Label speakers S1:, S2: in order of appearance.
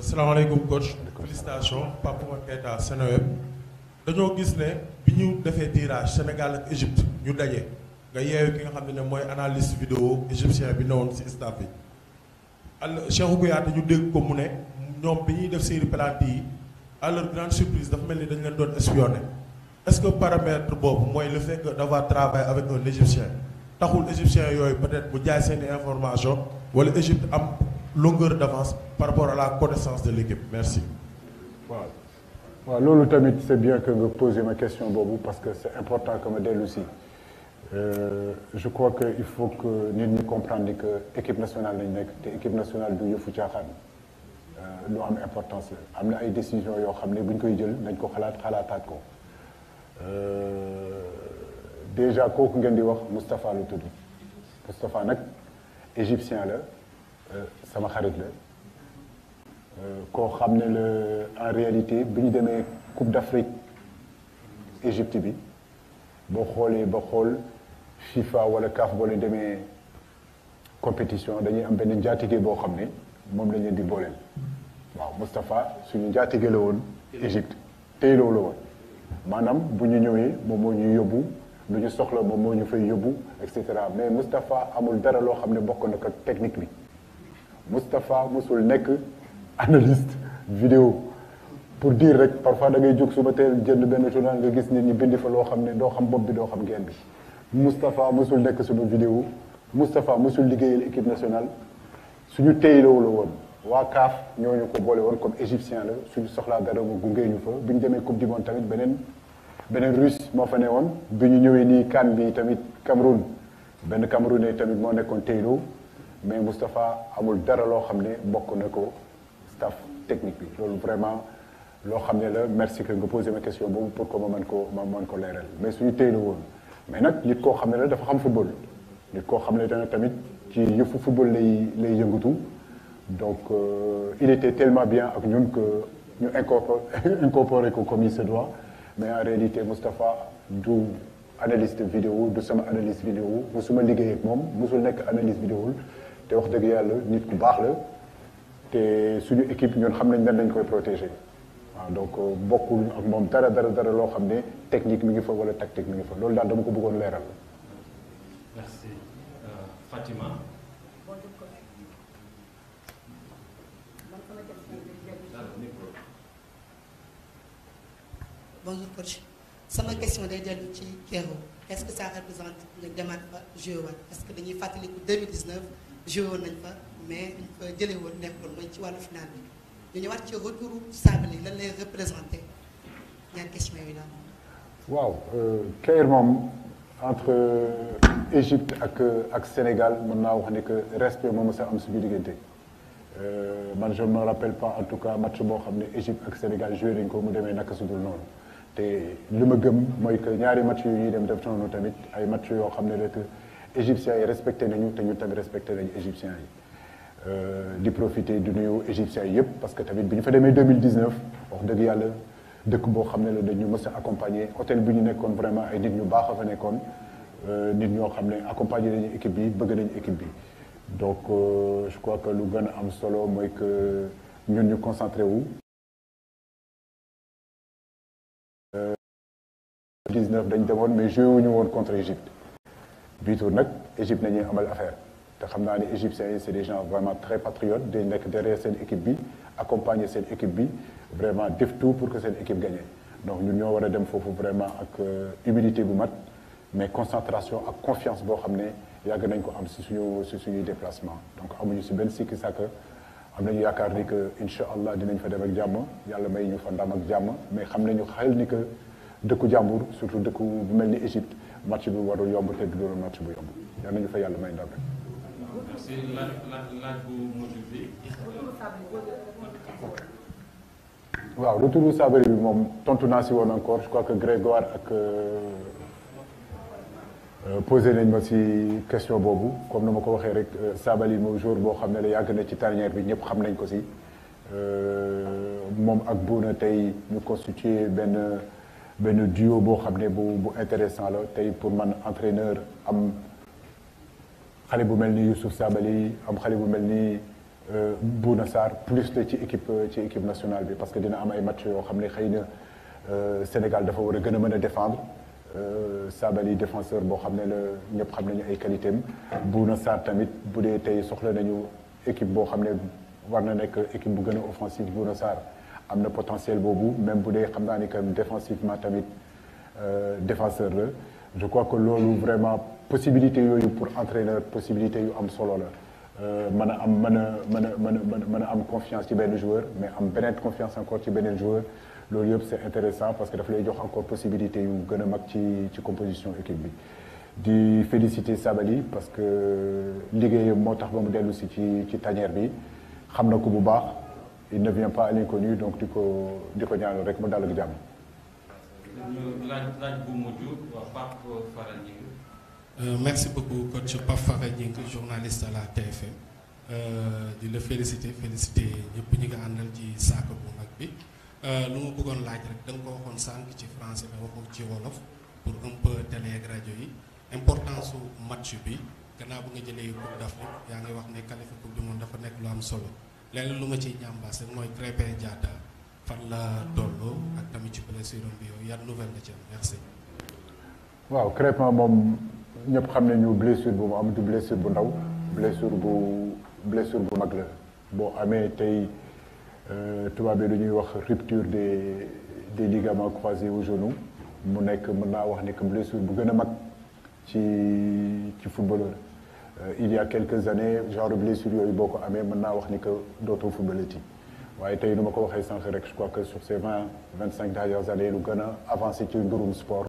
S1: salaamaaleykum coach félicitations Pape Oumar Keita Seneweb dañoo gis ne bi ñu defee tirage Sénégal ak Égypte ñu daje nga yeewu ki nga xam ne mooy analyste vidéo égyptien bi newoon ci staff bi al Cheikhou Kouyaté ñu dégg ko mu ne ñoom bi ñuy def série penalty yi à leur grande surprise dafa mel ni dañu leen doon espionné est-ce que paramètre boobu mooy le fait d'avoir travaillé avec un taxul égyptien yooyu peut-être bu jaay seeni information wala Égypte am longueur d'avance par rapport à la connaissance de l'équipe merci. waaw waaw loolu tamit c'est bien que nga poser ma question boobu parce que c'est important que a dellu si euh, je crois que il faut que nit ñi comprendre ni que équipe nationale lañ nekk te équipe nationale du yëfu caaxaan euh, lu am importance la am na ay décisions yoo xam ne bu ñu koy jël nañ ko xalaat xalaataat ko euh, déjà kooku ngeen di wax Moustapha lu tudd Moustapha nag égyptien la. sama xarit la koo xam ne la en réalité bi ñu demee Coupe d'Afrique Égypte bi boo xoolee ba xool FIFA wala CAF boo leen demee compétition dañuy am benn njaatige boo xam ne moom la leen di booleel waaw Moustapha suñu njaatige la woon Égypte tey loolu woon maanaam bu ñu ñëwee moom moo ñu yóbbu nu ñu soxla moom moo ñu fay yóbbu et cetera mais Moustapha amul dara loo xam ne bokk na ko technique bi. Moustapha mosul nekk analyste video pour dire rek parfois da ngay jóg suba teel jënd benn journal nga gis nit ñi bindi fa loo xam ne doo xam bopp bi doo xam geen bi Moustapha mosul nekk suñu vidéo Moustapha mosul liggéeyal équipe nationale suñu teyiloo la woon waa CAF ñooñu ko boole woon comme égyptien la suñu soxlaa garab gungee ñu fa bi ñu demee coupe du monde tamit beneen beneen russe moo fa ne woon bi ñu ñëwee nii CAN bi tamit Cameroun benn Camerounais tamit moo nekkoon teyiloo mais Moustapha amul dara loo xam ne bokk na ko staff technique bi loolu vraiment loo xam ne la merci que nga posé ma question boobu pour que ma mën ko ma mën ko leeral mais suñu téelu woon mais nag nit koo xam ne la dafa xam football nit koo xam ne dana tamit ci yëfu football lay lay yëngatu donc euh, il était tellement bien ak ñun que ñu incorporé ko comme il se mais en réalité Moustapha du analyste vidéo du sama analyste vidéo musuma liggéey ak moom musul nekk analyste vidéo te wax dëgg yàlla nit ku baax la te suñu équipe ñun xam nañ nan koy protéger waaw donc euh, bokkul ak moom dara dara dara loo xam ne technique mi ngi fa wala tactique mi ngi fa loolu daal dama ko bëggoon leeral. merci euh, joué woon nañ fa mais ñu woon nekkoon waaw euh, Caire moom entre euh, Égypte ak euh, ak Sénégal mën naa wax ni que respect moom sa am suñu diggante. man je ne me rappelle pas en tout cas match boo xam ne Égypte ak Sénégal joué nañ ko mu demee naka sudul noonu te li ma gëm mooy que ñaari match yu ñuy dem def noonu tamit ay match yoo xam ne rek. égyptiens yi respecté nañu te ñun tamit respecté nañu égyptiens yi euh, di profité du nuyu égyptiens yëpp parce que tamit bi ñu fa demee 2019 wax dëgg yàlla dëkk boo xam ne la dañu mës a accompagner hôtel bi ñu nekkoon vraiment ay nit ñu baax a fa nekkoon euh, nit ñoo xam ne accompagner nañu équipe bi bëgg nañu équipe bi donc euh, je crois que lu gën a am solo mooy que ñun ñu concentré wu 19 dañ demoon mais joué ñu woon contre Égypte bii tur nag Égypte nañuy amal affaire te xam naa ne égyptiens yi c'est des gens vraiment très patriotes dañ nekk derrière seen équipe bi accompagner seen équipe bi vraiment def tout pour que seen équipe gagne donc ñun ñoo war a dem foofu vraiment ak euh, humilité bu mat mais concentration ak confiance boo xam ne yàgg nañ ko am si suñu si suñuy déplacement donc amuñu si benn sikki sàkk am nañu yaakaar ni que incha allah dinañ fa dem ak jàmm yàlla may ñu fa ndam ak jàmm mais xam nañu xel ni que dëkku jàmbur surtout dëkku bu mel ni Égypte match bi warul yomb te du doon match bu yomb yal nañu fa yàlla may ndam rek. merci laaj bi. waaw retour Sabali bi moom tontu naa si woon encore je crois que Grégoire ak euh, euh, posé nañ ma si question boobu comme na ma ko waxee rek euh, Sabali moom jour boo xam ne la yàgg na ci tanière bi ñëpp xam nañ ko si moom ak na tey ñu constitué benn. benn duo boo xam ne bu bu intéressant la tey pour man entraîneur am xale bu mel ni Youssouf Sabaly am xale bu mel ni euh, Bouna Sarr plus de ci équipe euh, ci équipe nationale bi parce que dina am ay match yoo xam ne xëy na euh, Sénégal dafa war a gën a mën a défendre Sabaly défenseur boo xam ne la ñëpp xam nañu ay qualité am Bouna Sarr tamit bu dee tey soxla nañu équipe boo xam ne war na nekk équipe bu gën a offensive Bouna Sarr am na potentiel boobu même bu dee xam naa ni que défensivement tamit euh, défenseur la je crois que loolu vraiment possibilité yooyu pour entraîneur possibilité yu am solo la euh, mën a am mën a mën a mën a mën a am confiance ci benn joueur mais am beneen confiance encore ci beneen joueur loolu yëpp c'est intéressant parce que dafa lay jox encore possibilité yu gën a mag ci ci composition équipe bi di féliciter Sabaly parce que liggéey moo tax ba mu dellu si ci ci tanière bi xam na ko bu baax il ne vient pas donc di ko di ko ñaanal rek mu dal ak jàmm. ñu euh, merci beaucoup coach Pape Fara Gningue journaliste la TFM euh, di la féliciter féliciter ñëpp ñi nga àndal ci saako bu mag bi euh, lu ma bëggoon laaj rek da ko waxoon sànq ci français ba waxoo ci wolof pour un peu ak rajo yi importance su match bi gannaaw bu nga jëlee Coupe d'Afrique yaa ngi wax ne qualifié Coupe du monde dafa nekk lu am solo. leneen lu ma ciy ñambaas rek mooy Krépin Diatta fan la toll ak tamit ci blessure bi yow yan nouvelle nga ci merci. waaw Krépin moom ñëpp xam nañu blessure bu mu am du blessure bu ndaw blessure bu blessure bu mag la boo amee tey euh, tubaab yi dañuy wax rupture de des ligaments croisés au genou mu nekk mën naa wax ne que blessure bu gën a mag ci ci footballeur. Euh, il y a quelques années genre blessure boo ko amee mën naa wax ni que dootoo footballati waaye tey nu ma ko waxee sànq rek je crois que cinq dernières années lu gën a avancé ci mbirum sport